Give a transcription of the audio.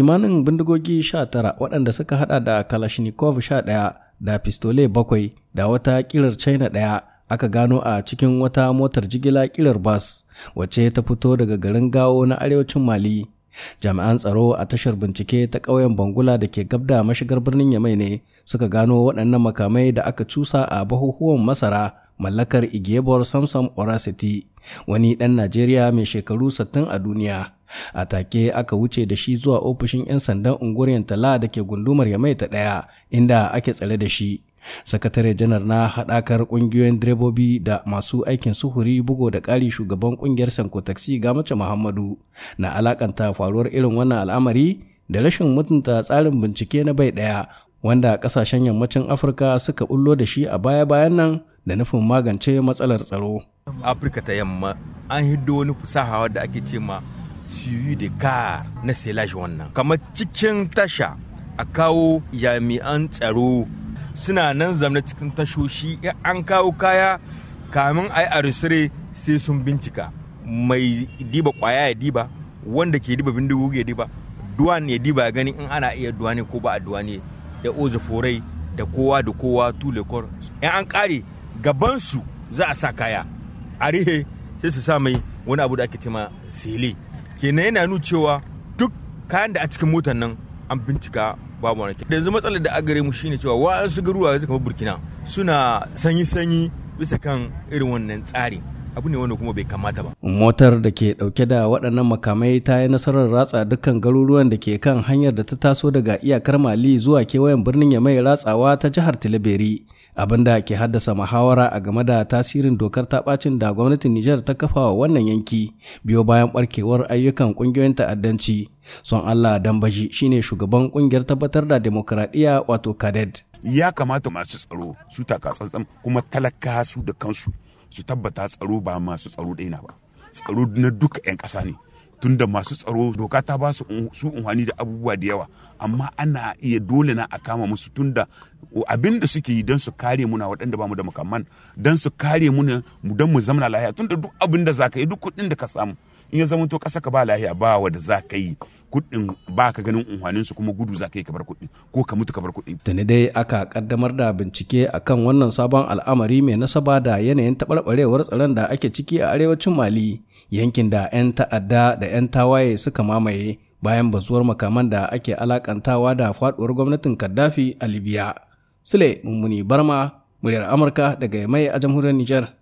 kimanin bindigogi sha tara, waɗanda suka hada da kalashnikov ɗaya da pistole bakwai da wata kirar china ɗaya aka gano a cikin wata motar jigila kirar bas wacce ta fito daga garin gawo na arewacin mali jami'an tsaro a tashar bincike ta ƙauyen bangula da ke gabda mashigar birnin yamai ne suka gano waɗannan makamai da aka cusa a bahuhuwan masara mallakar igiyebor samsam orasiti wani ɗan najeriya mai shekaru 60 a duniya a take aka wuce da shi zuwa ofishin 'yan sandan unguriyar tala da ke gundumar yamai ta ɗaya inda ake tsare da shi sakatare janar na haɗakar ƙungiyoyin direbobi da masu aikin suhuri bugo da ƙari shugaban ƙungiyar sanko taxi ga mace muhammadu na alakanta faruwar irin wannan al'amari da rashin mutunta tsarin bincike na bai ɗaya wanda ƙasashen yammacin afirka suka bullo da shi a baya-bayan nan da nufin magance matsalar tsaro afirka ta yamma an hiddo wani fasaha da ake ce ma suivi da car na selage wannan kamar cikin tasha a kawo jami'an tsaro suna nan zamna cikin tashoshi an kawo kaya kamin a yi arisire sai sun bincika mai diba kwaya ya diba wanda ke diba bindigo ya diba duwan ya diba ya gani in ana iya ne ko ba a duwane da oza forai da kowa da kowa kor in an kare gabansu za a sa kaya a sai su sa mai wani abu da ake cema sele kenan yana nuna cewa duk kayan da a cikin motar nan an bincika babu wani da yanzu matsalar da agare mu shine cewa wa'ansu garuruwa yanzu kamar burkina suna sanyi-sanyi bisa kan irin wannan tsari abu ne wanda kuma bai kamata ba motar da ke dauke da waɗannan makamai ta yi nasarar ratsa dukkan garuruwan da ke kan hanyar da ta taso daga iyakar mali zuwa kewayen birnin ya mai ratsawa ta jihar tilibiri abin da ke haddasa muhawara a game da tasirin dokar ta bacin da gwamnatin nijar ta kafa wa wannan yanki biyo bayan barkewar ayyukan ƙungiyoyin ta'addanci son allah dambaji shine shugaban kungiyar tabbatar da demokradiyya wato kaded ya kamata masu tsaro su taka tsantsan kuma talaka su da kansu su tabbata tsaro ba masu tsaro ɗaya ba tsaro na duka 'yan ƙasa ne tunda masu tsaro doka ta ba su unhani da abubuwa da yawa amma ana iya dole na a kama musu tunda abin da suke yi don su kare muna waɗanda ba mu da makaman don su kare muna don mu zamana lahiya tunda duk abin da za ka yi duk kuɗin da ka samu in ya zama to ƙasa ka ba lahiya ba wa da za ka yi kuɗin ba ka ganin unhwanin su kuma gudu za ka yi kabar kuɗi ko ka mutu kabar kuɗi. Tani dai aka kaddamar da bincike akan wannan sabon al'amari mai nasaba da yanayin taɓarɓarewar tsaron da ake ciki a arewacin Mali yankin da 'yan ta'adda da 'yan tawaye suka mamaye bayan bazuwar makaman da ake alakantawa da faɗuwar gwamnatin Kaddafi a Libya. Sule Mummuni Barma, muryar Amurka daga Yamai a jamhuriyar Nijar.